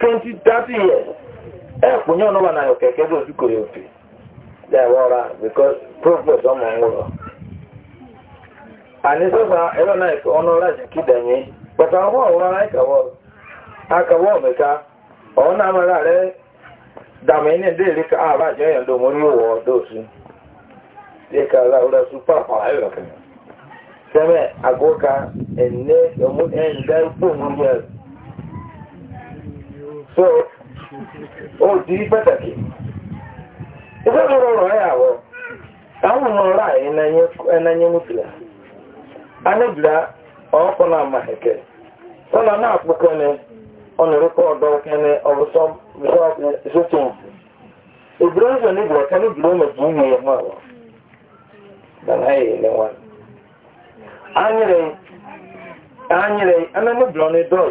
twenty thirty years ẹ kò na ọ̀nà wà náà kẹ̀kẹ́ tó ojú kòrè òfin dẹ̀ wọ́ra because progress ọmọ ń wúrọ̀ àní sọ́sà ẹ̀rọ náà ẹ̀kọ́ ọ̀nà láti kí dẹ̀yìn pẹ̀tà ọwọ́ ọ̀wọ́ àìkàwọ́ àkàwọ́ ọ̀mẹ́ka ọ̀hún náà mara rẹ̀ dàmì ní ẹ̀dẹ́ ìrìkà àbá àjẹyàn ló mú ní òwò ọ̀dọ́sù ẹ̀ka láwùrọ̀ súpà pàáyọ̀ kẹ̀ so ó di pàtàkì ìfẹ́ mi rọrùn ẹ̀ àwọ̀ àwọn ọ̀nà ọ̀rá ẹ̀nanyẹ mùsùlá anẹ́bìlá ọ̀ọ́kọ́ náà mà hẹ̀kẹ́ sọ́nà náà púpọ̀ ní ọ̀nàrúkọ ọ̀dọ́ kẹ́ni ọ̀bùsọ́ ìṣòtò ìbúrọ́ ìṣòtò níbi ọ̀ká níbi ló mẹ̀jì ní ẹ̀hún àwọ̀ ní wọn.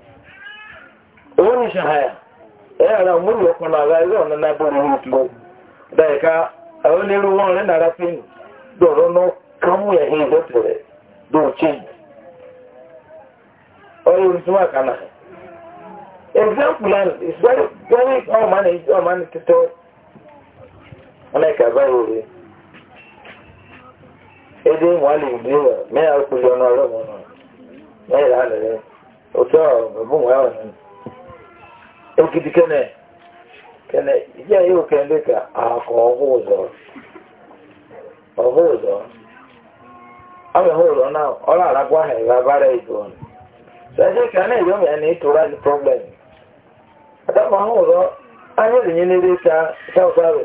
wani shahaya yana muri ọkọ̀ na ara ẹgbẹ́ ọ̀nà lábúrú ìtò dáìka àwọn ilé wọn rẹ̀ nára pín dọ̀rọ̀ náà kánmù ẹ̀hìn ìdọ́tò rẹ̀ dọ̀ọ̀chín ọ̀rọ̀ olùsúnmọ̀ àkànà example and it's very very is common to talk ọ̀nàìkà báyìí rẹ̀ èdè wọn lè gbé rẹ̀ mẹ́ra kúlẹ̀ ọ̀nà ọ̀rọ̀ wọn náà ọrụ okiti kene kene ije ya okende ka akọ ọhụ ụzọ ọhụ ụzọ ọmọ ọhụ ụzọ na ọrụ alakwa ha ebe abara ibu ọnụ so ẹsẹ ka na ejo mẹ na ịtụra dị problem adakwa ọhụ ụzọ anyị ezinye n'ebe ka saụsarụ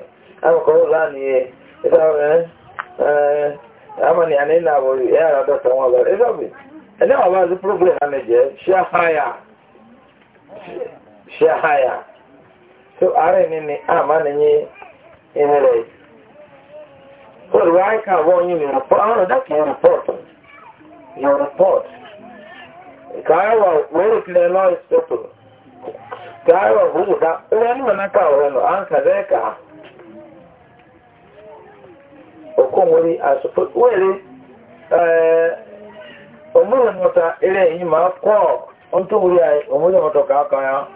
akụkọ ụzọ a n'ihe ịta ee ama na ya na ị na-abụrụ ya ara dọkịta nwa ọbara ịta bụ ndị ọbara dị problem ha na-eje shia ha ya shahaya so are ni ni ama inere so why can one you report oh that can report your report kawa where clear is manaka an ka zai ka okun wuri a support were eh uh, omurin mota ire yi ma ko on wuri ai ka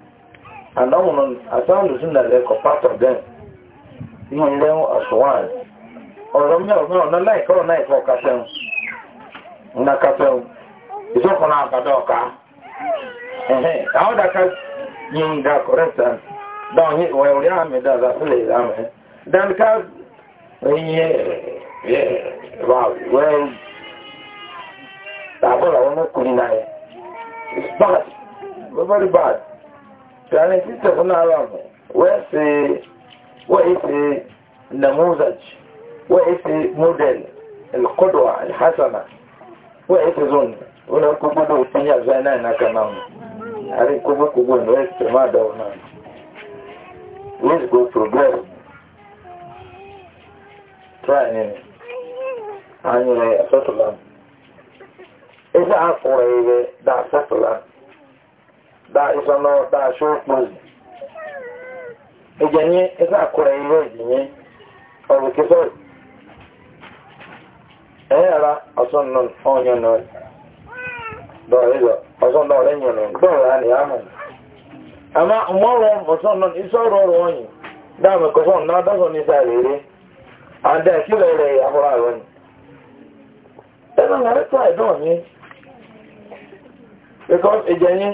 and àwọn ọ̀nà àtàwọn ìsúnlẹ̀ ẹ̀kọ́ part of them ní ilẹ̀ ọ̀ṣọ́wọ́n ọ̀rọ̀ mẹ́rin ọ̀nà láìkọ́ ọ̀nà ìfọ́ ọ̀kaṣẹ́un ọ̀nà kaṣẹ́un ìṣọ́kùnrin àbádọ́ ọ̀ká ẹ̀hẹ́ àwọn dáká yìí dá kọ̀rẹ́ta dáwọn yìí wọ̀ ẹ̀rí àmì dáadáa sílẹ̀ ìlàmì dáńká ẹ̀yẹ wẹ́ẹ̀ tàbọ̀lọ̀ wọn kùnrin náà it's bad very bad tàbí títẹ̀ fún arab wọ́n èsè namuzaj wọ́n èsè model alkodwa alhassana wọ́n èsè zone wọ́n náà kókó náà fi yà zai náà náà kan náà àrí kókó kókó ní wọ́n èsè má dáwọ́ náà wọ́n go progress try ní àyìnrẹ́ àsọ́tò lánàá. Ese akọrọ ihe da asọ́tò lánàá. da isono da shokpo ejenye ebe akụrụ ihe ejinye ọrụ kesọ enyara ọsọnnọ onye nọ dọrịlọ ọsọnnọ ọrụ enyo nọ dọrọ na ahụ ama mgbanwe ọsọnnọ isi ọrụ ọrụ onye mi because ìjẹyìn.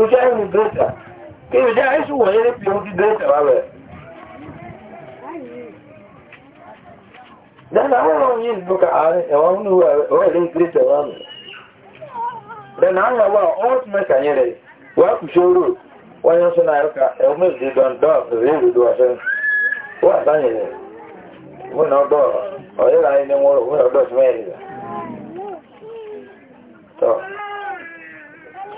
tó jẹ́ ìrìn gírẹ́tà kí ìjẹ́ àìsù wọ̀nyẹ́ ní pẹ̀lú ti gírẹ́tà wà bẹ̀rẹ̀ dẹ́nà àwọn ọ̀rọ̀ yìí ló ka ààrẹ ẹ̀wọ̀n ní ọ̀rẹ́ ní gírẹ́tà wà bẹ̀rẹ̀ dẹ́nà àwọn ọ̀wà ọ̀tí mẹ́ka yẹn rẹ̀ wà kù ṣòro wọ́n yẹn sọ náà ẹ̀ka ẹ̀wọ̀n méjì dọ̀ndọ̀